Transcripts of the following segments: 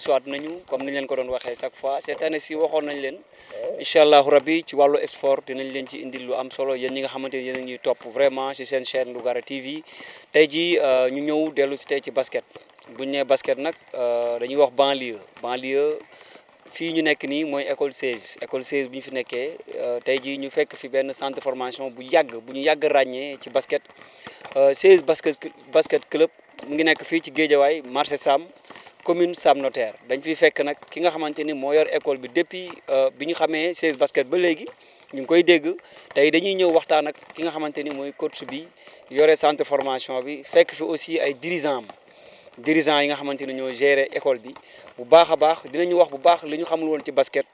dellu siwaat nañu comme ni ñu leen ko doon waxee chaque fois cette année ci waxoon nañ leen incha allahu rabi ci wàllu sport dinañ leen ci indil lu am solo yéen ñi nga xamante ni yéen a ñuy topp vraiment ci seen chaîne Lougaré TV tey jii euh, ñu ñëw dellu si tey ci basket bu ñu nee basket nag euh, dañuy wax banlieue banlieue fii ñu nekk nii mooy école 16 école 16 bu ñu fi nekkee euh, tey jii ñu fekk fi benn centre formation bu yàgg bu ñu yàgg ràññee ci basket 16 basket basket club mu ngi nekk fii ci Géejawaay marché Sam. commune Sam Notaire dañ fi fekk nak ki nga xamanteni mo yor école bi depuis euh, bi ñu xamee 16 basket ba légui ñu koy dégg tay dañuy ñëw waxtaan nak ki nga xamanteni moy coach bi yoré centre formation bi fekk fi aussi ay dirigeant dirigeant yi nga xamanteni ñoo gérer école bi bu baaxa baax dinañu wax bu baax li ñu xamul won ci basket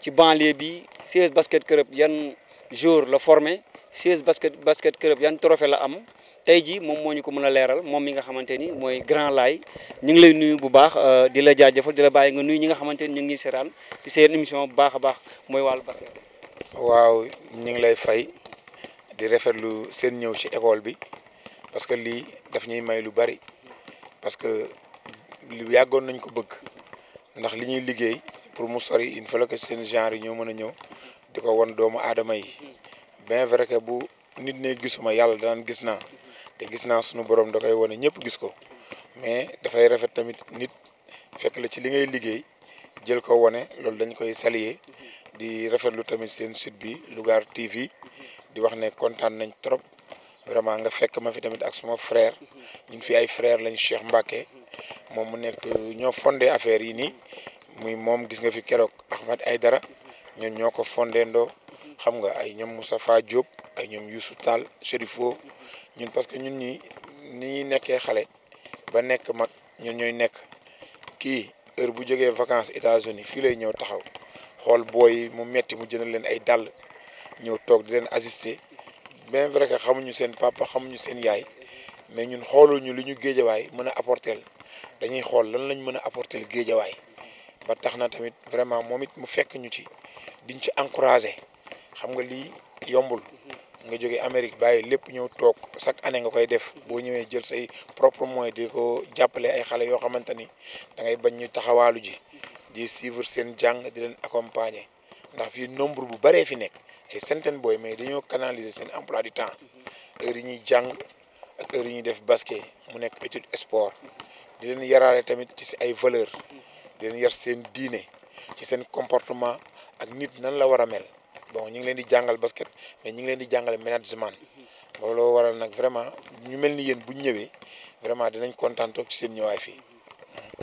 ci banlieue bi 16 basket club yan jour le former 16 basket basket club yan trophée la am. tey jii moom moo ñu ko mën a leeral moom mi nga xamante ni mooy Grand Laye ñu ngi lay nuyu bu baax euh, di la jaajëfal di la yi nga nuyu ñi nga xamante ni ñu ngi seetaan ci seen émission bu a baax mooy wàllu basket. waaw ñu ngi lay fay di rafetlu seen ñëw ci école bi parce que lii daf ñuy may lu bari parce que lu yàggoon nañ ko bëgg ndax li ñuy liggéey pour mu sori il faut que seen genre yi ñoo mën a ñëw di ko wan doomu aadama yi hmm. bien vrai que bu nit ne gisuma yàlla daan gis naa. te gis naa sunu borom da koy wane ñëpp gis ko mais dafay rafet tamit nit fekk la ci li ngay liggéey jël ko wane loolu dañ koy saluer di rafetlu tamit seen sit bi Lougar TV di wax ne kontaan nañ trop vraiment nga fekk ma fi tamit ak suma frère ñun fi ay frère lañ Cheikh Mbacké moom mu nekk ñoo fondé affaire yi nii muy moom gis nga fi keroog Ahmed Aïdara ñun ñoo ko fondé ndoo xam nga ay ñoom Moustapha Diop ay ñoom Youssou Tall Chérifo ñun parce que ñun ñi ni ñuy nekkee xale ba nekk mag ñun ñooy nekk kii heure bu jógee vacance États-Unis fii lay ñëw taxaw xool booy mu metti mu jënd leen ay dàll ñëw toog di leen assister bien vrai que xamuñu seen papa xamuñu seen yaay mais ñun xooluñu li ñu géejawaay mën a apporter dañuy xool lan lañ mën a apporter géejawaay ba tax na tamit vraiment moom it mu fekk ñu ci diñ ci encouragé xam nga lii yombul nga jóge Amérique bàyyi lépp ñëw toog chaque année nga koy def boo ñëwee jël say propre moyen di ko jàppale ay xale yoo xamante ni da ngay bañ ñu taxawaalu ji di suivre seen jàng di leen accompagner ndax fii nombre bu baree fi nekk ay centaine booy mais dañoo canaliser seen emploi du temps heure yi ñuy jàng ak heure yi ñuy def basket mu nekk étude sport di leen yaraale tamit ci si ay valeur di leen yar seen diine ci seen comportement ak nit nan la war a mel bon ñu ngi leen di jàngal basket mais ñu ngi leen di jàngal management looloo waral nag vraiment ñu mel ni yéen bu ñu ñëwee vraiment dinañ kontaan toog ci seen ñëwaay fii.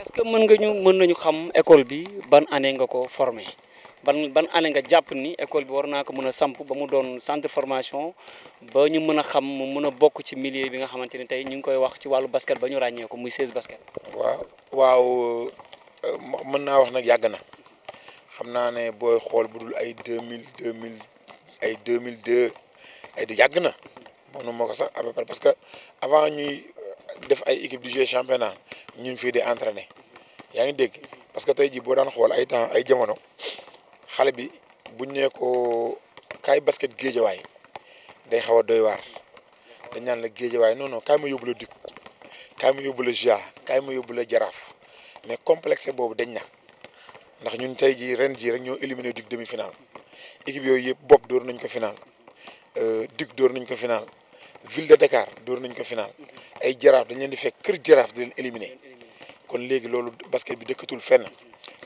est-ce que mën nga ñu mën nañu xam école bi ban année nga ko formé ban ban année nga jàpp ni école bi war naa ko mën a samp ba mu doon centre formation ba ñu mën a xam mu mën a bokk ci milieu bi nga xamante ni tey ñu ngi koy wax ci wàllu basket ba ñu ràññee muy 16 basket. waaw waaw euh, mën naa wax nag yàgg na. xam naa ne booy xool bu dul ay deux mille deux mille ay deux mille deux ay du yàgg na mënu ma ko sax à peu près parce que avant ñuy euh, def ay équipe du jeu championnat ñun fii di entraîner yaa ngi dégg parce que tey jii boo daan xool ay temps ay jamono xale bi buñ nee ko kaay basket géejawaay day xaw a doy waar dañ naan la géejawaay non non kaay ma yóbbu la dikk kaay ma yóbbu la jaraaf mais complexe boobu dañ na. ndax ñun tey jii ren jii ñoo éliminé dig demi final yooyu yëpp bopp dóor nañ ko final euh, dig dóor nañ ko final ville de dóor nañ ko final ay jaraaf dañ leen di fekk kër jaraaf di leen kon léegi loolu basket bi dëkkatul fenn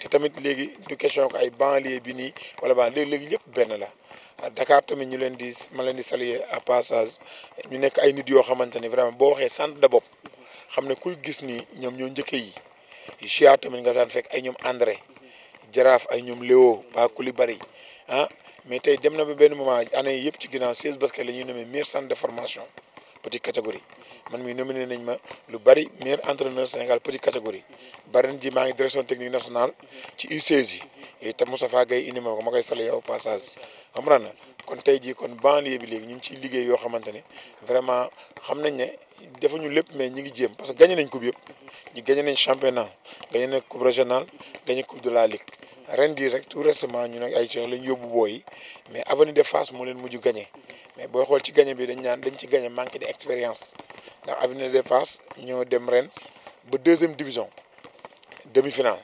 te tamit léegi du question ay banlieue bi nii wala léegi léegi yëpp benn la Dakar tamit ñu leen di ma leen di saluer à ñu nekk ay nit yoo xamante ne vraiment boo waxee sant de bopp xam ne kuy gis ni ñoom ñoo njëkkee yi GIA tamit nga daan fekk ay ñoom André. jaraaf ay ñoom Léo ba Koulibaly ah mais tey dem na ba benn moment année yëpp ci ginnaaw 16 basket la ñuy nommé meilleur centre de formation petite catégorie man mi nominé nañ ma lu bari meilleur entraîneur Sénégal petite catégorie bari ji maa ngi direction technique nationale ci U16 yi yooyu tam Moustapha Gaye indi ma ko ma koy salué au passage comprendre na kon tey jii kon banlieue bi léegi ñu ngi ciy liggéey yoo xamante ne vraiment xam nañ ne. defuñu lépp mais ñi ngi jéem parce que gagné nañ coupe yëpp ñu gagné nañ championnat gagné nañ coupe régional gagné coupe de la ligue ren di rek tout récemment ñu nag ay jox lañ yóbbu booyi mais avenue de Fass moo leen mujj gagné mais booy xool ci gagné bi dañ naan dañ ci gagné manqué de expérience ndax avenue de Fass ñoo dem ren ba deuxième division demi-finale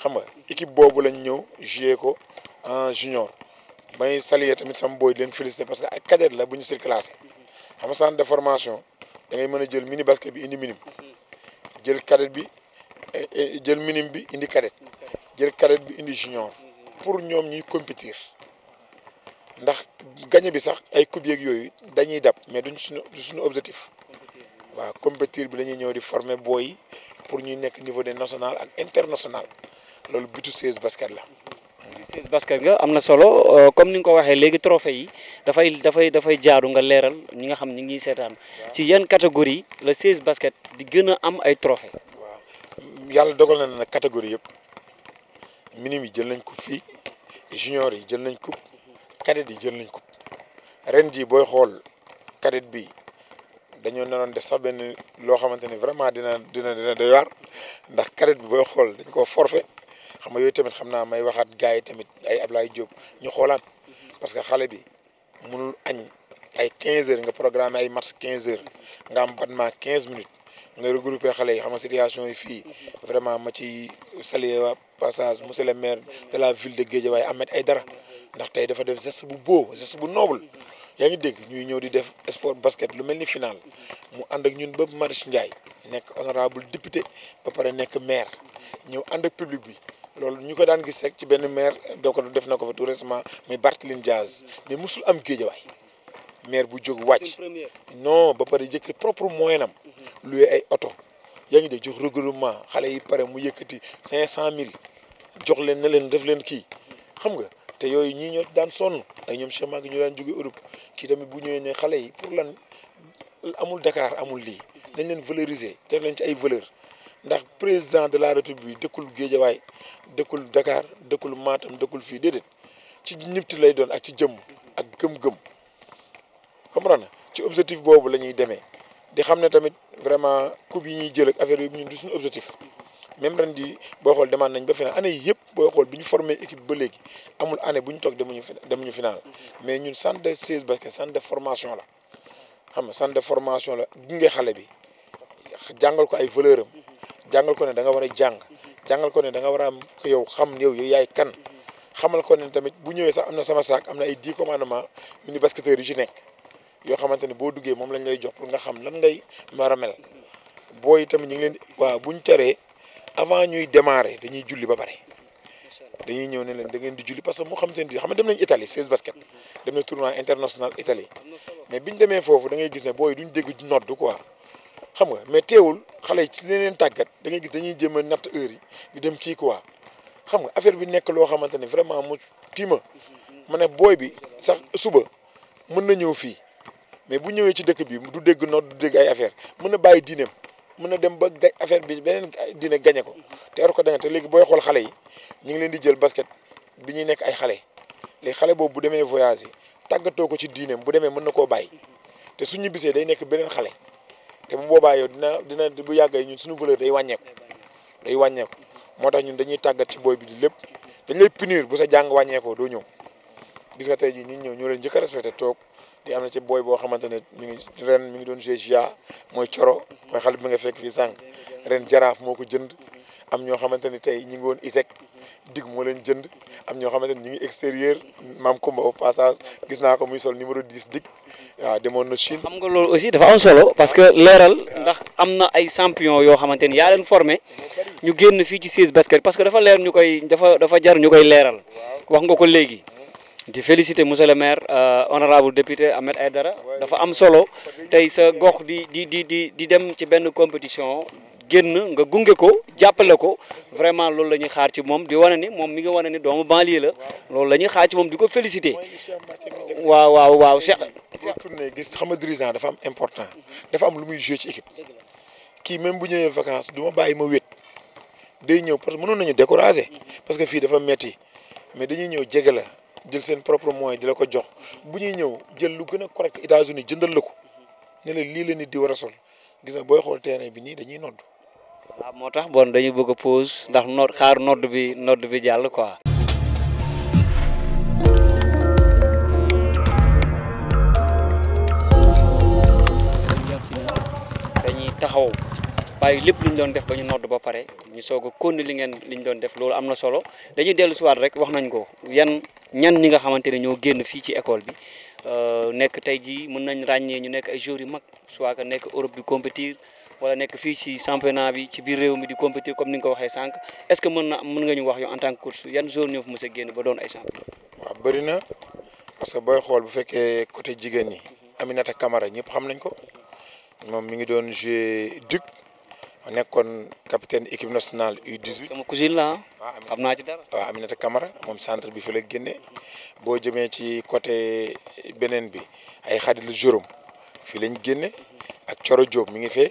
xam nga équipe boobu lañ ñëw joué ko en junior may salier tamit sama booy leen féliciter parce que ay cadet la bu ñu surclassé xam nga centre de formation da ngay mën a jël mini basket bi indi minim jël cadet bi eh, eh, jël minim bi indi cadet jël cadet bi indi junior pour ñoom ñuy compétir ndax gañe bi sax ay coupe yeeg yooyu dañuy dab mais duñ suñu suñu objectif waaw compétir bi dañuy ñëw di former booy pour ñuy nekk niveau de national ak international loolu butu 16 basket la. siis basket nga amna solo euh, comme ni nga ko waxe legui trophée yi fay da fay jaaru nga leral ñi nga xam ni ngi seetaan ci yeen catégorie le siis basket di gëna am ay trophée waaw yalla dogal na na catégorie yëpp minime yi jël nañ ko fi junior yi jël nañ ko cadet yi jël nañ ko ren ji boy xol cadet bi dañoo naroon def sa ben lo xamanteni vraiment dina dina dina doy waar ndax cadet bi boy xol dañ ko forfait xam yooyu tamit xam naa may waxaat gars yi tamit ay Ablaye Diop ñu xoolaat parce que xale bi munul añ ay quinze heures nga programme ay match quinze heures nga am battement 15 minutes nga regroupe xale yi xam na situation yi fii vraiment ma ci salué waa passage monsieur le maire de la ville de géeje Guédiawaye Ahmed Aïdara ndax tey dafa def geste bu boo geste bu noble yaa ngi dégg ñuy ñëw di def sport basket lu mel ni final mu ànd ak ñun ba Marius Ndiaye nekk honorable député ba pare nekk maire ñëw ànd ak bi loolu ñu ko daan gis seek ci benn maire doo ko def na ko fa tout récemment muy Barthélémy Diaz mais musul am géejawaay maire bu jóg wàcc non ba pare jëkk propre moyen am mhm. luye ay oto yaa ngi dee jox regroupement xale yi pare mu yëkkati cinq cent mille jox leen na leen def leen kii xam nga te yooyu ñii ñoo daan sonn ay ñoom Cheikh Maguette ñu daan jóge Europe kii tamit bu ñëwee ne xale yi pour lan amul dakaar amul lii mhm. nañ leen valoriser def leen ci ay valeur ndax président de la république dëkkul Géejawaay dëkkul Dakar dëkkul Matam dëkkul fii déedéet ci ñibbti lay doon ak ci jëmm ak gëm-gëm comprendre na ci objectif boobu la ñuy demee di xam ne tamit vraiment coupe yi ñuy jël ak affaire yi ñu du suñu objectif même ren di boo xool demaat nañ ba final année yi yëpp boo xool bi ñu formé équipe ba léegi amul année bu ñu toog demuñu demuñu final mais ñun centre de seize basket centre de formation la xam nga centre de formation la gunge xale bi jàngal ko ay valeur jàngal ko ne da nga war a jàng jàngal ko ne danga war a am yow xam yow yow yaay kan xamal ko ne tamit bu ñëwee sax am na sama saak am na ay dix commandement mini basketteur yu ci nekk yoo xamante ne boo duggee moom lañu lay jox pour nga xam lan ngay maramel booy tamit ñu ngi leen waaw buñ teree avant ñuy démarrer dañuy julli ba pare dañuy ñëw ne leen da ngeen di julli parce que moo xam seen di xam ne dem nañ Italie 16 basket dem ngay gis ne booy duñ dégg nodd xam nga mais teewul xale yi ci leneen tàggat da ngay gis dañuy jéem a natt heure yi ñu dem kii quoi xam nga affaire bi nekk loo xamante ne vraiment mu tiima ma ne booy bi sax suba mën na ñëw fii mais bu ñëwee ci dëkk bi du dégg noot du dégg ay affaire mën na bàyyi diineem mën na dem ba gaj affaire bi beneen diine gañe ko te war ko danga te léegi booy xool xale yi ñu ngi leen di jël basket bi ñuy nekk ay xale léegi xale boobu bu demee voyage yi tàggatoo ko ci diineem bu demee mën na koo bàyyi te su ñu day nekk beneen xale te bu boobaa yow dina dina bu yàggee ñun suñu valeur day wàññeeku day wàññeeku moo tax ñun dañuy tàggat ci booy bi di lépp dañ lay punir bu sa jàng wàññeekoo doo ñëw gis nga tey jii ñun ñëw ñu leen njëkk a respecté toog di am na ci booy boo xamante ne mi ngi ren mi ngi doon joué GIA mooy coro mooy xale mu nga fekk fii sànq ren jaraaf moo ko jënd am ñoo xamante ni tey ñi ngi woon ISEC dig moo leen jënd am ñoo xamante ni ñi ngi extérieur maam Kumba au passage gis naa ko muy sol numéro 10 dig waaw demoon na Chine. am nga loolu aussi dafa am solo parce que leeral ndax am na ay champion yoo xamante ni yaa leen formé ñu génn fii ci 16 basket parce que dafa leer ñu koy dafa dafa jar ñu koy leeral wax nga ko léegi. di féliciter monsieur le maire euh, honorable député Ahmed dara dafa am solo tey sa gox di di di di di dem ci benn compétition génn nga gunge ko jàppale ko vraiment loolu la ñuy xaar ci moom di wane ni moom mi nga wane ni doomu banlieue la loolu la ñuy xaar ci moom di ko félicité waaw waaw waaw Cheikh tourné gis xam nga dirigeant dafa am important dafa am lu muy joué ci équipe kii même bu ñëwee vacance du ma bàyyi ma wét day ñëw parce que mënoon nañu découragé mm-hmm. parce que fii dafa metti mais dañuy ñëw jege la jël seen propre moyen di la ko jox bu ñuy ñëw jël lu gën a correct États-Unis jëndal la ko mm-hmm. ne lii la nit di war a sol gis booy xool terrain bi nii dañuy nodd waaw moo bon dañu bëgg pause ndax nodd xaar nodd bi nodd bi jall quoi dañuy taxaw bàyyi lepp luñ doon def bañu nodd ba paré ñu soga a li ngeen liñ doon def loolu amna na solo dañuy dellu siwaat rek wax nañ ko yan ñan ñi nga xamanteni ne ñoo génn fi ci école bi euh nek tay ji mën nañ ragné ñu nek ay jour yu mag soit que nekk Europe di compétir wala nekk fii ci championnat bi ci biir réew mi di compétir comme ni nga ko waxee sànq est-ce que mën na mën nga ñu wax yow en tant que coach yan joueurs ñoo fi a génn ba doon ay champion. waaw bëri na parce que booy xool bu fekkee côté jigéen ñi. Mhm. Aminata Camara ñëpp xam nañ ko moom mi ngi doon joué Duc nekkoon capitaine équipe nationale U18. sama cousine la xam naa ci dara. waaw Aminata Camara moom centre bi fi la génnee boo jëmee ci côté beneen bi ay xadilu juróom fi lañ génne ak Coro Diop mi ngi fee.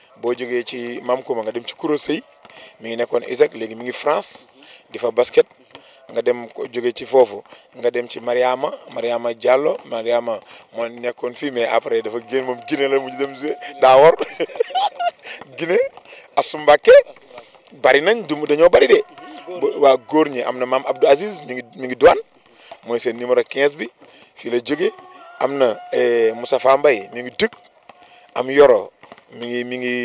boo jógee ci Maam Kouma nga dem ci Kouro Sey mi ngi nekkoon Isaac léegi mi ngi France di fa basket nga dem jóge ci foofu nga dem ci Mariama Mariama Diallo Mariama moo nekkoon fii mais après dafa génn moom Guinée la mujj dem daa war Guinée Assou Mbacké bari nañ du dañoo bari de waa góor ñi am na maam Abdou Aziz mi ngi mi ngi douane mooy seen numéro quinze bi fii la jóge am na eh, Moussa mbay mi ngi dëkk am Yoro mi ngi mi ngi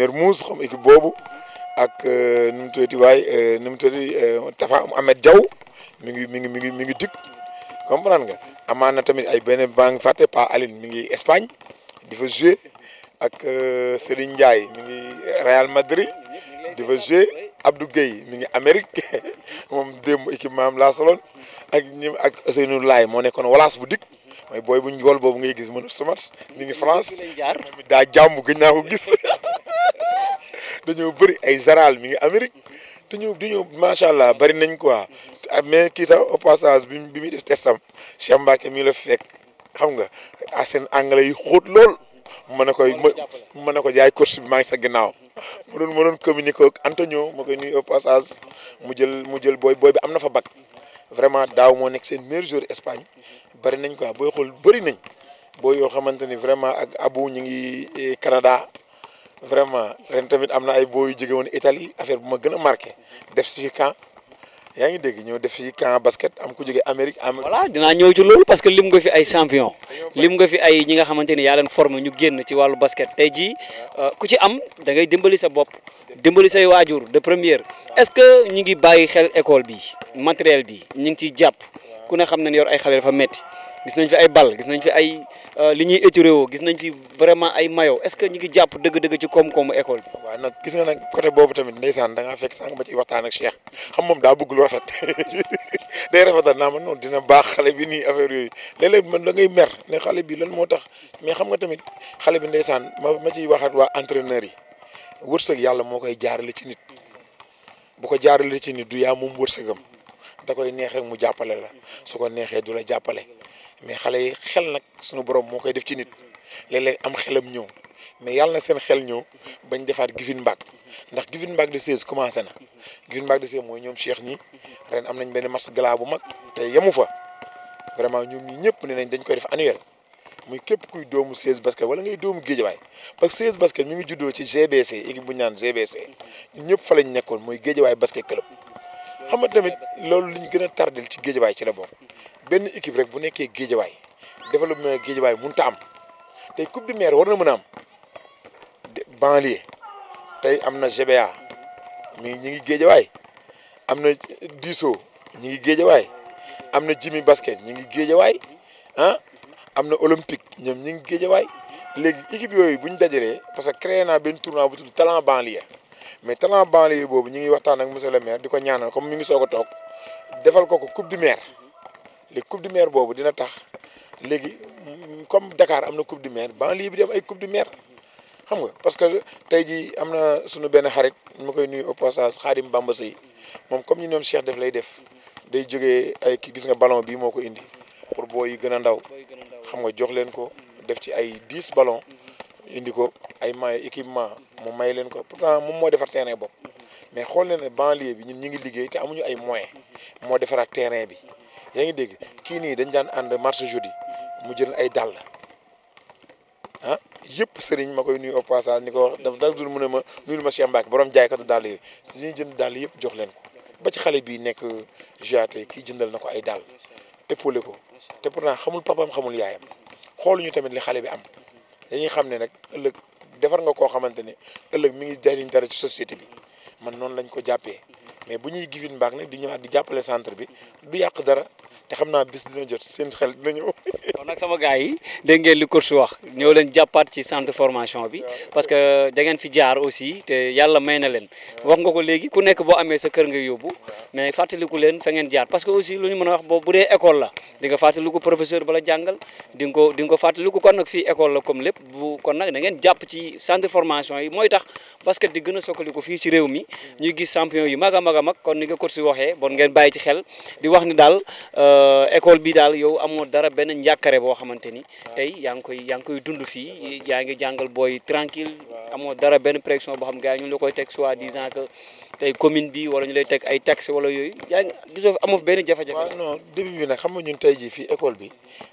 Mermoz xam équipe boobu ak nu mu waaye waay nu mu tuddati euh, euh, Tafa Ahmed Diaw mi ngi mi ngi mi ngi mi ngi dikk comprendre nga amaan na tamit ay beneen baa ngi fàtte Pa Aline mi ngi Espagne di fa joué ak euh, Serigne Ndiaye mi ngi Real Madrid di fa joué Abdou Gueye mi ngi Amérique moom démb équipe maam laa soloon ak ñi ak Ousseynou Laye moo nekkoon walaas bu dikk. mooy booy buñ gool boobu ngay gis mën a sumat mi ngi France daa jàmm gëj naa ko gis dañoo bëri ay général mi ngi Amérique dañoo dañoo macha allah bari nañ quoi ah, mais kii sax au bi bi muy def testam Cheikh Mbacke mi la fekk xam nga assen ah, seen anglais yi xóot lool mën na koy mën ne ko jaay course bi maa ngi sa ginnaaw ma doon ma doon communiquer ak Antonio ma koy nuyu au mu jël mu jël booy booy bi am na fa bag vraiment daaw moo nekk seen meilleur joueur Espagne bëri nañ quoi booy xool bëri nañ boo yoo xamante ni vraiment ak Abou ñu ngi eh, Canada vraiment ren tamit am na ay boo yu jóge woon Italie affaire bu ma gën a marqué def si camp yaa ngi dégg ñëw def fii camp basket am ku jóge Amérique. voilà dinaa ñëw ci loolu parce que lim nga fi ay champion lim nga fi ay ñi nga xamante ni yaa leen formé ñu génn ci wàllu basket tey jii euh, ku ci am dangay dimbali sa bopp dimbali say waajur de première est-ce que ñi ngi bàyyi xel école bi matériel bi ñi ngi ciy jàpp ku ne xam na ne yor ay xale fa metti gis nañ fi ay bal gis nañ fi ay euh, li ñuy étiré wo gis nañ fi vraiment ay mayo est-ce que ñi ngi japp deug deug ci kom kom école bi. wa nak gis nga nak côté bobu tamit ndaysan da nga fekk sang ba ci waxtaan ak Cheikh xam mom da bëgg lu rafet day rafetal na man non dina baax xalé bi ni affaire yoy léeg-léeg man da ngay mer né xalé bi lan motax mais xam nga tamit xalé bi ndaysan ma ma ciy waxaat waa entraîneur yi wërsëg yalla mo koy jaarale ci nit bu ko jaarale ci nit du ya mom wërsëgam da koy neex rek mu jàppale la su ko neexé du la jàppale mais xale yi xel nag sunu borom moo koy def ci nit léeg-léeg am xelam ñëw mais yàlla na seen xel ñëw bañ defaat gifin mbaag ndax gifin mbaag de seize commencé na gifin mbaag de seize mooy ñoom Cheikh ñi ren am nañ benn match gala bu mag te yemu fa vraiment ñoom ñi ñëpp ne nañ dañ koy def annuel muy képp kuy doomu seize basket wala ngay doomu géejawaay parce que seize basket mu ngi juddoo ci GBC équipe bu ñu naan GBC ñëpp fa lañ nekkoon mooy géejawaay basket club xam nga tamit loolu li ñu gën a tardel ci géejawaay ci la bokk benn équipe rek bu nekkee géejawaay développement géejawaay mënut a am tey coupe du maire war na mën am banlieue tey am na GBA mi ñi ngi géejawaay am na diisoo ñi ngi géejawaay am na jimi basket ñi ngi géejawaay ah am na olympique ñoom ñi ngi géejawaay léegi équipe yooyu bu ñu dajalee parce que créé naa benn tournoi bu tudd talent banlieue mais talent banlieue boobu ñi ngi waxtaan ak monsieur le maire di ko ñaanal comme mi ngi soog a toog defal ko ko coupe du maire léegi coupe du maire boobu dina tax léegi comme dakaar am na coupe du maire banlieue bi dem ay coupe du maire xam nga parce que tey jii am na suñu benn xarit ma koy nuyu au passage Xaadim Bamba Sey moom comme ñu ñoom Cheikh def lay def day jóge ay kii gis nga ballon bii moo ko indi pour boo yi gën a ndaw xam nga jox leen ko def ci ay dix ballon indi ko ay may équipement mu may leen ko pourtant moom moo defar terrain bopp mais xool na ne banlieue bi ñun ñu ngi liggéey te amuñu ay moyens moo defaraat terrain bi. yaa ngi dégg kii nii dañ daan ànd marché jeudi mu jël ay dàll ah yëpp sëriñ ma koy nuyu au a ni ko wax dafa dara dul mu ne ma nuyul ma Cheikh Mbacke borom jaaykatu dàll yi dañuy jënd dàll yëpp jox leen ko ba ci xale bi nekk juillet kii jëndal na ko ay dàll épaulé ko te pourtant xamul papaam xamul yaayam xoolu ñu tamit li xale bi am dañuy xam ne nag ëllëg defar nga koo xamante ne ëllëg mi ngi jariñ dara ci société bi man noonu lañ ko jàppee mais bu ñuy gifin mbaax nag di ñëwaat di jàppale centre bi du yàq dara te xam naa bis dina jot seen xel dina ñëw. kon nag sama gars yi dégg ngeen li course wax ñoo leen jàppaat ci centre formation bi parce que da ngeen fi jaar aussi te yàlla may na leen wax nga ko léegi ku nekk boo amee sa kër nga yóbbu mais fàttaliku leen fa ngeen jaar parce que aussi lu ñu mën a wax boo bu dee école la di nga fàttaliku professeur bala jàngal di nga ko di ko fàttaliku kon nag fii école la comme lépp bu kon nag da ngeen jàpp ci centre formation yi mooy tax basket di gën a sokkaliku fii ci réew mi mm. ñuy gis champion yu mag a mag a mag kon ni nga course waxee bon ngeen bàyyi ci xel di wax ni euh, Euh, école bi daal yow amoon dara benn njàkkare boo xamante ni tey yaa ngi koy yaa dund fii yaa ngi jàngal booy tranquille amoon dara benn pression boo xam gars yi ñu la koy teg soit disant que tey commune bi wala ñu lay teg ay taxe wala yooyu yaa ngi gisoo amoo benn jafe-jafe waaw non début bi nag xam nga ñun tey jii fii école bi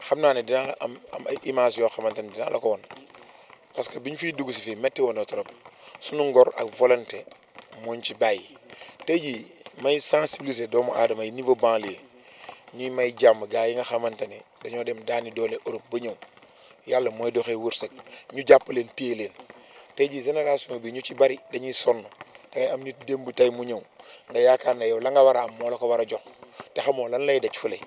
xam naa ne dinaa la am am ay image yoo xamante ne dinaa la ko woon parce que bi ñu fiy dugg si fii métti woon na trop suñu ngor ak volonté mooñ ci bàyyi tey ji may sensibiliser doomu aadama yi niveau banlieue ñuy may jàmm gaa yi nga xamante ne dañoo dem daani doole Europe ba ñëw yàlla mooy doxee wërsëg ñu jàpp leen téye leen tey jii génération bi ñu ci bari dañuy sonn da am nit démb tey mu ñëw nga yaakaar ne yow la nga war a am moo la ko war a jox te xamoo lan lay daj fële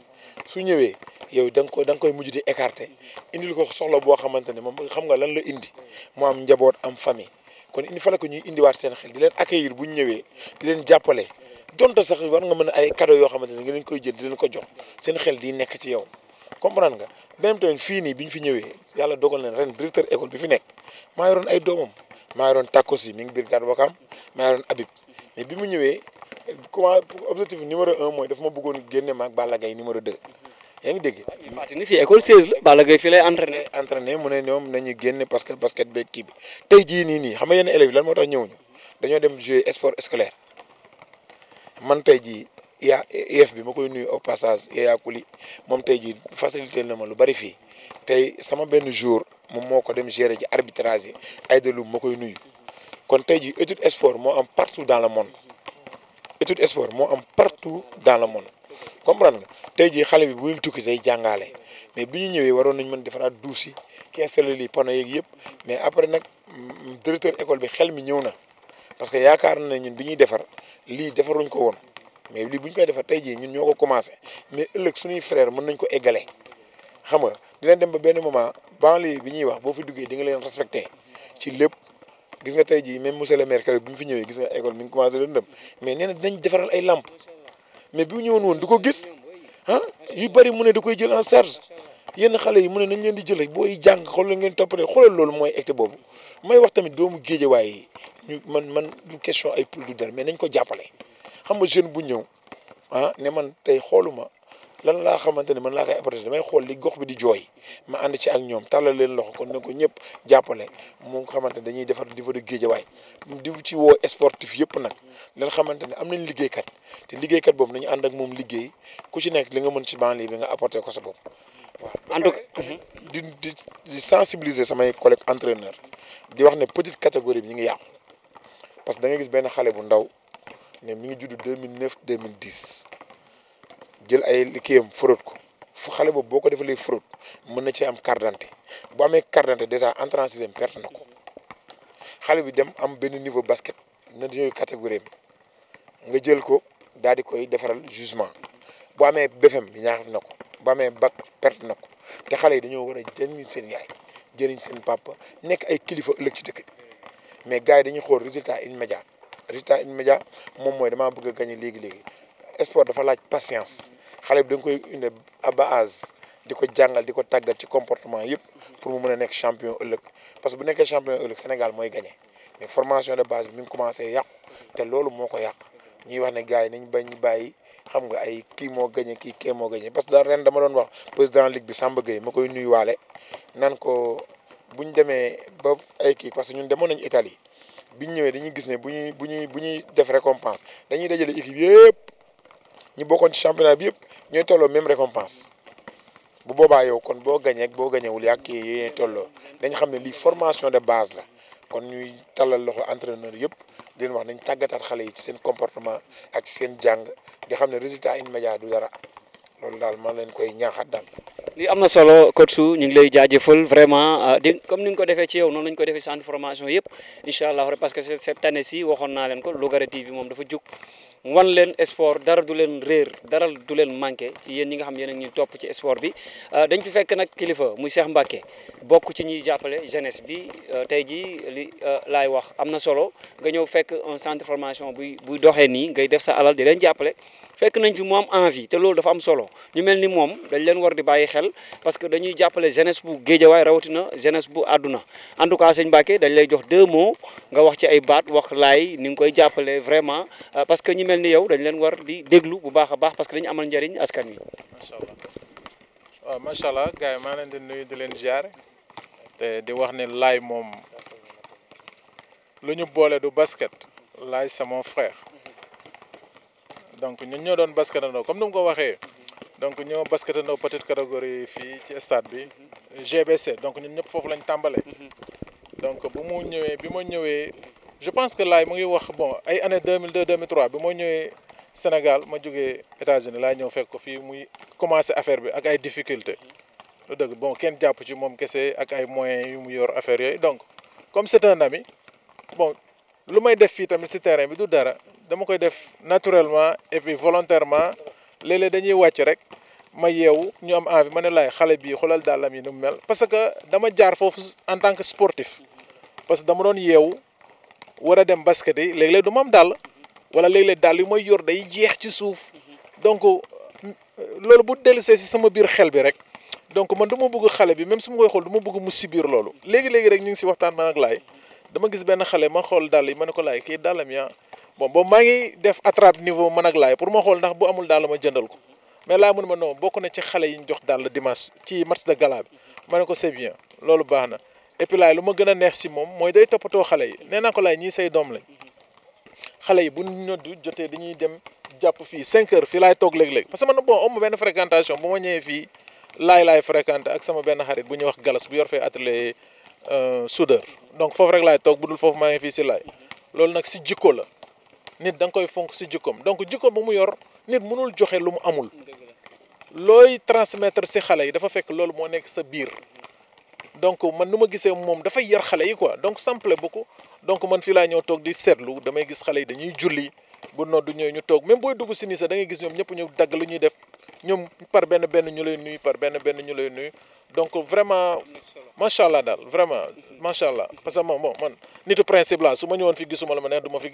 su ñëwee yow da nga ko da koy mujj di écarter indil ko soxla boo xamante ne moom xam nga lan la indi mu am njaboot am famille kon indi fa fallait ko ñuy indiwaat seen xel di leen accueillir bu ñu ñëwee di leen jàppale. donte sax war nga mën a ay cadeau yoo xamante ne nga leen koy jël di leen ko jox seen xel di nekk ci yow comprendre nga beneen tamit fii nii bi ñu fi ñëwee yàlla dogal na ren directeur école bi fi nekk maa yoroon ay doomam maa yoroon tàkkos yi biir daal wakaam maa yoroon Habib mais bi mu ñëwee comment objectif numéro un mooy daf ma bëggoon génne maag Balla Gaye numéro deux yaa ngi dégg. fàttali fii école 16 la Balla Gaye fii lay entraîné. entraîné mu ne ñoom nañu parce que basket beeg kii jii nii xam nga yenn élèves yi lan moo tax ñëwuñu dañoo dem jouer sport scolaire. man tey jii yaa IEF bi makoy nuyu au passage Yaya kuli mom tey jii facilité na ma lu bari fi tay sama ben jour mom moko dem gérer ji arbitrage ay de lu makoy nuyu kon tey jii étude sport mo am partout dans le monde étude sport mo am partout dans le monde comprendre nga tey jii xale bi bu ñu tukki tay jàngaale mais bi ñëwé ñëwee waroon nañ mën defaraat duus yi ki installé lii panneau yeeg mais après nak directeur école bi xel mi ñëw na. parce que yaakaar na ñun bi ñuy defar lii defaruñ ko woon mais lii bu ñu koy defar tey jii ñun ñoo ko commencé mais ëllëg suñuy frère mën nañ ko égaler xam nga dina dem ba benn moment banlieue bi ñuy wax boo fi duggee di nga leen respecte ci lépp gis nga tey jii même monsieur le maire keroog bi mu fi ñëwee gis nga école mi ngi commencé doon dem mais nee na dinañ defaral ay làmp mais bi mu ñëwoon woon du ko gis ah yu bëri mu ne da koy jël en yenn xale yi mu ne nañ leen di jël booy jàng xool la ngeen toppatee loolu mooy boobu may wax tamit doomu géejawaay yi ñu man man du question ay pul mais nañ ko jàppale xam nga jeune bu ñëw ah ne man tey xooluma lan laa xamante ne man laa koy apporté damay xool li gox bi di jooy ma ànd ci ak ñoom tàllal leen loxo kon ne ko ñëpp jàppale mu nga xamante ne dañuy defar niveau de géejawaay di ci woo sportif yëpp nag lan xamante ne am nañ liggéeykat te liggéeykat boobu nañu ànd ak moom liggéey ku ci nekk li nga mën ci banlieue bi nga apporté ko sa bopp waaw tout di di di sensibiliser samay collègue entraîneur di wax ne petite catégorie bi ñu ngi yàqu parce que da nga gis benn xale bu ndaw ne mi ngi judd 2009 2010 jël ay liggéeyam fraude ko fu xale boobu boo ko defalee fraude mën na cee am carte d'identité bu amee carte d'identité déjà entrée en sixième perte na ko xale bi dem am benn niveau basket na yooyu catégorie nga jël ko daal di koy defaral jugement boo amee BFEM ñaaxam na ko. ba mais bac perte na ko te xale yi dañoo war a jëriñ seen yaay jëriñ seen papa nekk ay kilifa ëllëg ci dëkk bi mais gars yi dañuy xool résultat une immédiat résultat immédiat moom mooy damaa bëgg a gagné léegi léegi sport dafa laaj patience xale bi da nga koy indi à base di ko jàngal di ko tàggat ci comportement yëpp pour mu mën a nekk champion ëllëg parce que bu nekkee champion ëllëg Sénégal mooy gagné mais formation de base bi mi ngi commencé yàqu te loolu moo ko yàq. ñuy wax ne gars yi nañ bañ bàyyi xam nga ay kii moo gañe kii kee moo gañe parce que daal ren dama doon wax président ligue bi Samba Gueye ma koy nuyuwaale naan ko bu ñu demee ba ay kii parce que ñun demoon nañu Italie biñ ñëwee dañuy gis ne bu ñuy bu ñuy bu ñuy def récompense dañuy dajale équipe yëpp ñu bokkoon ci championnat bi yëpp ñooy tolloo même récompense bu boobaa yow kon boo gañeek boo gañewul yaa kii yooyu tolloo dañ xam ne lii formation de base la kon ñuy tallal loxo entreneur yëpp den wax nañ tàggataat xale yi ci seen comportement ak ci seen jàng di xam ne résultat immédiat du dara loolu daal leen koy ñaaxaat daal. lii am na solo coach su ñu ngi lay jaajëfal vraiment ah, di comme ni nga ko defee ci yow noonu lañu ko defee centre formation yëpp incha allah parce que cette année ci waxoon naa leen ko Lougaré TV moom dafa jug wan leen sport dara du leen réer dara du leen manqué ci yéen ñi nga xam yéen a ngi topp ci sport bi ah, dañ fi fekk nag kilifa muy seex Mbacké bokk ci ñuy jàppale jeunesse bi ah, tey jii li laay wax am na solo nga ñëw fekk un centre formation buy buy doxee nii ngay sa alal di leen jàppale fekk nañ fi mu am envie te loolu dafa am solo ñu mel ni moom dañ leen war di bàyyi xel parce que dañuy jàppale jeunesse bu géejawaay rawatina jeunesse bu àdduna en tout cas sëñ Mbacké dañ lay jox deux mots nga wax ci ay baat wax laay ni nga koy jàppale vraiment euh, parce que ñu mel ni yow dañ leen war di déglu bu baax a baax parce que dañu amal njëriñ askan wi. macha allah waaw macha allah gars yi maa leen di nuyu di leen ziar te di wax ne laay moom lu ñu boole du basket laay c'est mon frère donc ñun ñoo doon basketandoo comme nous mu ko waxee donc ñoo basketandoo petite catégorie fii ci stade bi GBC donc ñun ñëpp foofu lañ tàmbalee. donc bu mu ñëwee bi ma ñëwee je pense que laay mu ngi wax bon ay année 2002 2003 bi ma ñëwee Sénégal ma jógee États-Unis laay ñëw fekk ko fii muy commencé affaire bi ak ay difficultés. lu dëgg bon kenn jàpp ci moom kese ak ay moyens yu mu yor affaire yooyu donc comme c'est un ami bon lu may def fii tamit si terrain bi du dara dama koy def naturellement et puis volontairement léeg-léeg dañuy wàcc rek ma yeewu ñu am envie ma ne laay xale bii xoolal dàllam yi nu mu mel parce que dama jaar foofu en tant que sportif parce que dama doon yeew war a dem basket yi léeg-léeg du ma am dàll wala léeg-léeg dàll yu may yor day jeex ci suuf donc loolu bu dellusee si sama biir xel bi rek donc man du ma bëgg xale bi même su ma koy xool du ma bëgg mu biir loolu léegi-léegi rek ñu ngi si waxtaan man ak laay dama gis benn xale ma xool dàll yi ma ne ko laay kii dàllam ah. yaa bon boobu maa ngi def attrape niveau man ak laay pour ma xool ndax bu amul daal ma jëndal ko mais laay mun ma non bokk na ci xale yi ñu jox daal dimanche ci match de gala bi ma ne ko c'est bien loolu baax na et puis ma gën a neex si moom mooy day toppatoo xale yi nee naa ko laay say doom lañ xale yi bu ñoddu jotee dañuy dem jàpp fii 5 heures fii laay toog léeg-léeg parce que man bon am benn fréquentation bu ma ñëwee fii laay laay fréquenté ak sama benn xarit bu ñu wax galas bu yor fee atelier euh, soudeur donc foofu rek laay toog bu dul foofu maa ngi fii si laay loolu nag si jikko la. nit dang koy fonk si jikkoom donc jikkoom bu mu yor nit mënul joxe lu mu amul loy transmettre ci xalé yi dafa fekk lool mo nek sa bir donc man numa ma mom dafa yar xalé yi quoi donc sample beaucoup donc man fi la ñëw tok di setlu damay gis xalé yi dañuy julli bu noddu ñëw ñu tok même boy dugg ci nisa da ngay gis ñom ñep ñu dag lu ñuy def ñom par ben ben ñu lay nuy par ben ben ñu lay nuy donc vraiment machallah allah vraiment machallah parce que mom mom man nitu principe la suma ñewon fi gisuma la ma fi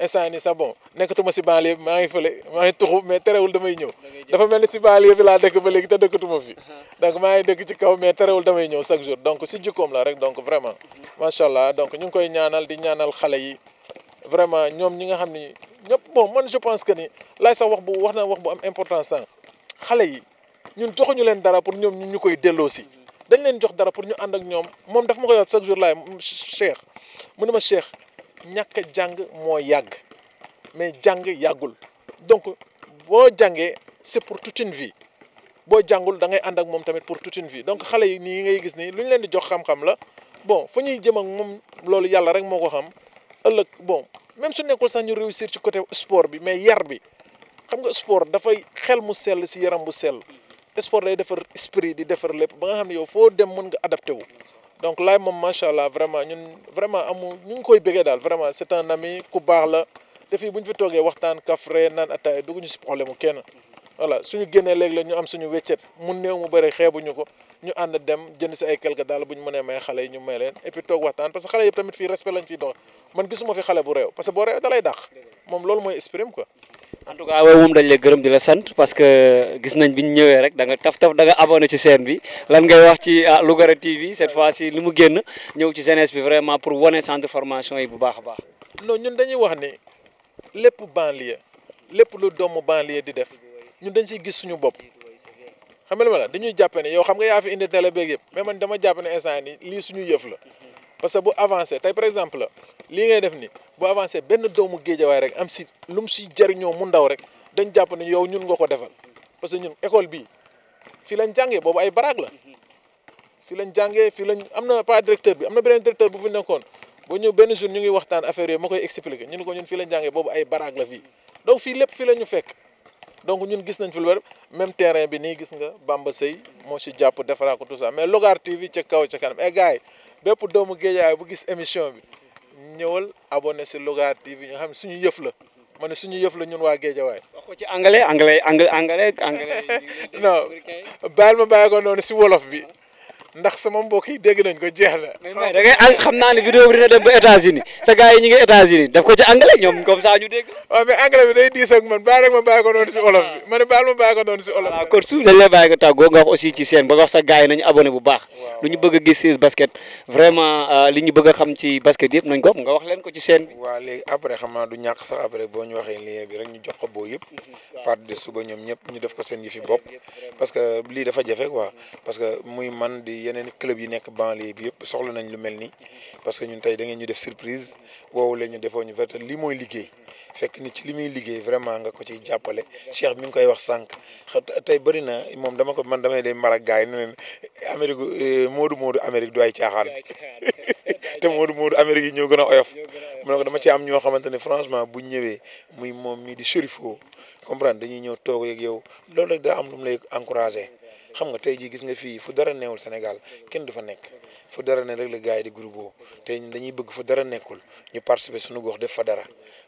instant ni sa bon nekkatuma si banlieue bi maa ngi fële maa ngi tuxu mais terewul damay ñëw dafa mel ni si banlieue bi laa dëkk ba léegi te dëkkatuma fi donc maa ngi dëkk ci kaw mais terewul damay ñëw chaque jour donc si jikkoom la rek donc vraiment macha allah donc ñu ngi koy ñaanal di ñaanal xale yi vraiment ñoom ñi nga xam ni ñëpp bon man je pense que ni lay sax wax bu wax na wax bu am importance sànq xale yi ñun joxuñu leen dara pour ñoom ñu koy delloo si dañ leen jox dara pour ñu ànd ak ñoom moom daf ma koy wax chaque jour laay Cheikh mu ne ma Cheikh ñàkk a jàng moo yàgg mais jàng yàggul donc boo jàngee c'est pour toute une vie boo jàngul da ngay ànd ak moom tamit pour toute une vie donc xale yi nii ngay gis ni lu ñu leen di jox xam-xam la bon fu ñuy jëm ak moom loolu yàlla rek moo ko xam ëllëg bon même su nekkul sax ñu réussir ci côté sport bi mais yar bi xam nga sport dafay xel mu sell si yaram bu sell sport day defar esprit di defar lépp ba nga xam ne yow foo dem mën nga adapté wu. donc laay moom macha allah vraiment ñun vraiment amu ñu ngi koy bëggee daal vraiment c'est un ku baax la te fii bu ñu fi toogee waxtaan kafre naan ataay dugg ñu si problème mu kenn. voilà suñu génnee léegi la ñu am suñu wéccet mu néew mu bëri xeebuñu ko ñu ànd dem jënd si ay quelque daal bu ñu mënee may xale yi ñu may leen et puis toog waxtaan parce que xale yëpp tamit fii respect lañ fiy dox man gisuma fi xale bu réew parce que boo réew da lay dàq mooy exprime quoi. en tout cas moom dañ lay gërëm di la sant parce que gis nañ bi ñu ñëwee rek danga taf taf da nga abonné ci chaîne bi lan ngay wax ci ah, Lougaré TV cette fois ci li mu génn ñëw ci jeunesse bi vraiment pour wane centre formation yi bu baax a baax. non ñun dañuy wax ni lépp banlieue lépp lu doomu banlieue di def ñun dañ si gis suñu bopp xam nga ma la dañuy jàpp ne yow xam nga yaa fi indi télé beeg yëpp mais man dama jàpp ne instant nii lii suñu yëf la parce bu avancé tey par exemple lii ngay def nii bu avancé ben doomu way rek am si lum si jëriñoo mu ndaw rek dañ japp ne yow ñun nga ko defal parce que ñun école bi fi lañ bobu ay baraag la fi lañ fi lañ am na pas directeur bi am na directeur bu fi nekkoon bu ñëw ben jour ñu ngi waxtaan affaire yi ma expliquer ñun ko ñun fi lañ jàngee bobu ay baraag la fi donc fi lepp fi lañu fekk donc ñun gis nañ fi lu même terrain bi ni gis nga Bamba sey mo si japp defara ko tout ça mais logar TV ci kaw ci kanam ay eh gaay yi doomu bu gis émission bi ñëwal abonné si Louga TV nga xam ne suñu yëf la ma ne suñu yëf la ñun waa Géejawaay. wax ko ci anglais anglais anglais anglais. non baal ma bàyyi ko noonu si wolof bi. ndax sama mbokk yi dégg nañ ko jeex xam naa ne vidéo bi dina dem ba États-Unis sa gars yi ñu ngi États-Unis daf ko ci anglais ñoom comme ça ñu dégg. waaw mais anglais bi day diis man baal rek ma bàyyi ko noonu si olof bi ah. baal ma bàyyi ko noonu si olof bi. waaw kon suuf dañ lay bàyyi ko nga wax aussi ci seen ba nga wax sa gars a euh, a ci basket yëpp nañ nga wax leen ko ci seen. waaw léegi après xam naa boo ñu waxee bi rek ñu jox ko boo yëpp mm-hmm. part de suba ñu def ko seen yëfi bopp parce que lii dafa jafe quoi mm-hmm. parce que muy man yeneen i club yi nekk banlieue bi yëpp soxla nañ lu mel ni parce que ñun tey da ngeen ñu def surprise woowu la ñu defoo ñu verte lii mooy liggéey fekk ni ci li muy liggéey vraiment nga ko ciy jàppale Cheikh mi ngi koy wax sànq tey bëri na moom dama ko man damay day mbar ak gars yi ne leen Amérique euh, Modou Modou Amérique du ay caaxaan te Modou Modou Amérique yi ñëw gën a oyof mu dama ci am ñoo xamante ne franchement bu ñëwee muy moom mii di Chérifo comprendre dañuy ñëw toog ak yow loolu rek am lu mu lay encouragé. xam nga tey jii gis nga fii fu dara newul Sénégal kenn du fa nekk fu dara ne rek la gars yi di groupe boo tey dañuy bëgg fu dara nekkul ñu participer suñu gox def fa dara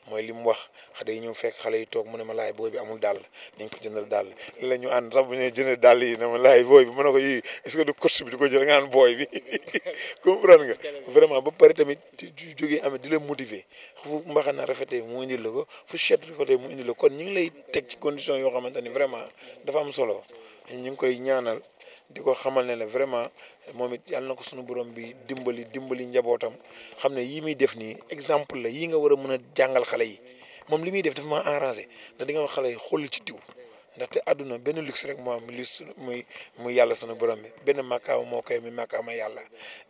mooy li mu wax xale yi ñëw fekk xale yi toog mu ne ma laay booy bi amul dàll dañ ko jëndal dàll li la ñu ànd sax bu ñu dàll yi ne ma laay booy bi mën na ko yii est-ce que du course bi di ko jël nga naan booy bi comprendre nga vraiment ba pare tamit di jógee amee di la motiver fu mbaxana rafete mu indil la ko fu chet rafetee mu indil la kon ñu ngi lay teg ci condition yoo xamante ni vraiment dafa am solo ñu ngi koy ñaanal di ko xamal ne la vraiment moom it yàlla na ko suñu borom bi dimbali dimbali njabootam xam ne yii muy def nii exemple la yii nga war a mën a jàngal xale yi moom li muy def dafa ma arrangé ndax di wax xale yi xool ci diw ndaxte àdduna benn luxe rek moo am lu muy muy yàlla sunu borom bi benn màkkaama moo koy muy màkkaama yàlla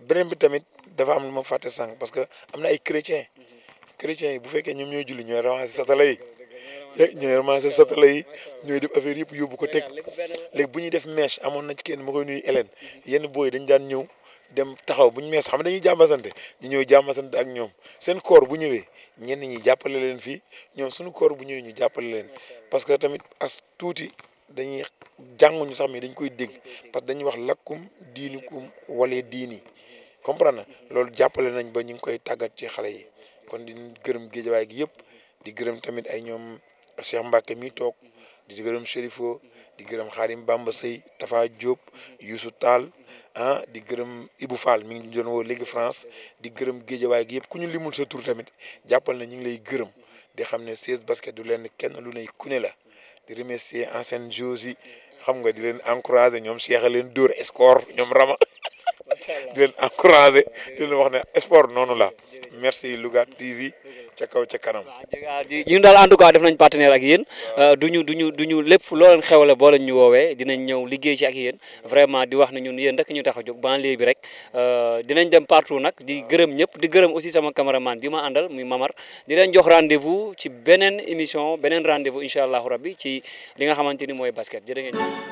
beneen bi tamit dafa am lu ma fàtte sànq parce que am na ay chrétien chrétiens yi bu fekkee ñoom ñooy julli ñooy rawancé satala yi Eh, ñooy ramassé satala ñooy def affaire yëpp yóbbu ko teg léegi bu ñuy def mèche amoon na ci kenn ma koy nuyu Hélène yenn booy dañ daan ñëw dem taxaw bu ñu mees xam ne dañuy jàmbasante ñu ñëw jàmbasante ak ñoom seen koor bu ñëwee ñenn ñi jàppale leen fii ñoom suñu koor bu ñëwee ñu jàppale leen parce que tamit as tuuti dañuy jànguñu sax mi dañ koy dégg parce que dañuy wax lakkum diinikum wala diini comprendre na loolu jàppale nañ ba ñu ngi koy tàggat ci xale yi kon di gërëm géej géejawaay gi yëpp di gërëm tamit ay ñoom Cheikh Mbacke mi toog di gërëm Chérifo di gërëm Xaarim Bamba Sey Tafa Diop Youssou Tall ah di gërëm Ibou Fall mi ngi doon woo léegi France di gërëm géej géejawaay gi yëpp ku ñu limul sa tur tamit jàppal na ñu ngi lay gërëm di xam ne 16 basket du leen kenn lu ne ku ne la di remercier anciennes joueuses yi xam nga di leen encourager ñoom Cheikh leen dóor score ñoom Rama. di leen encouragé di wax ne sport noonu la merci Louga TV ca kaw ca kanam. Ah, ñu daal en tout cas def nañ partenaire ak yéen euh, duñu duñu duñu lépp loo xew le boo leen ñu woowee dinañ ñëw liggéey ci ak yéen vraiment di wax ne ñun yéen rek ñu tax a jóg banlieue bi rek euh, dinañ dem partout nag di gërëm ñëpp di gërëm aussi sama caméraman bi ma àndal muy Mamar di leen jox rendez-vous ci beneen émission beneen rendez-vous incha allahu rabbi ci li nga xamante ni mooy basket jërë ngeen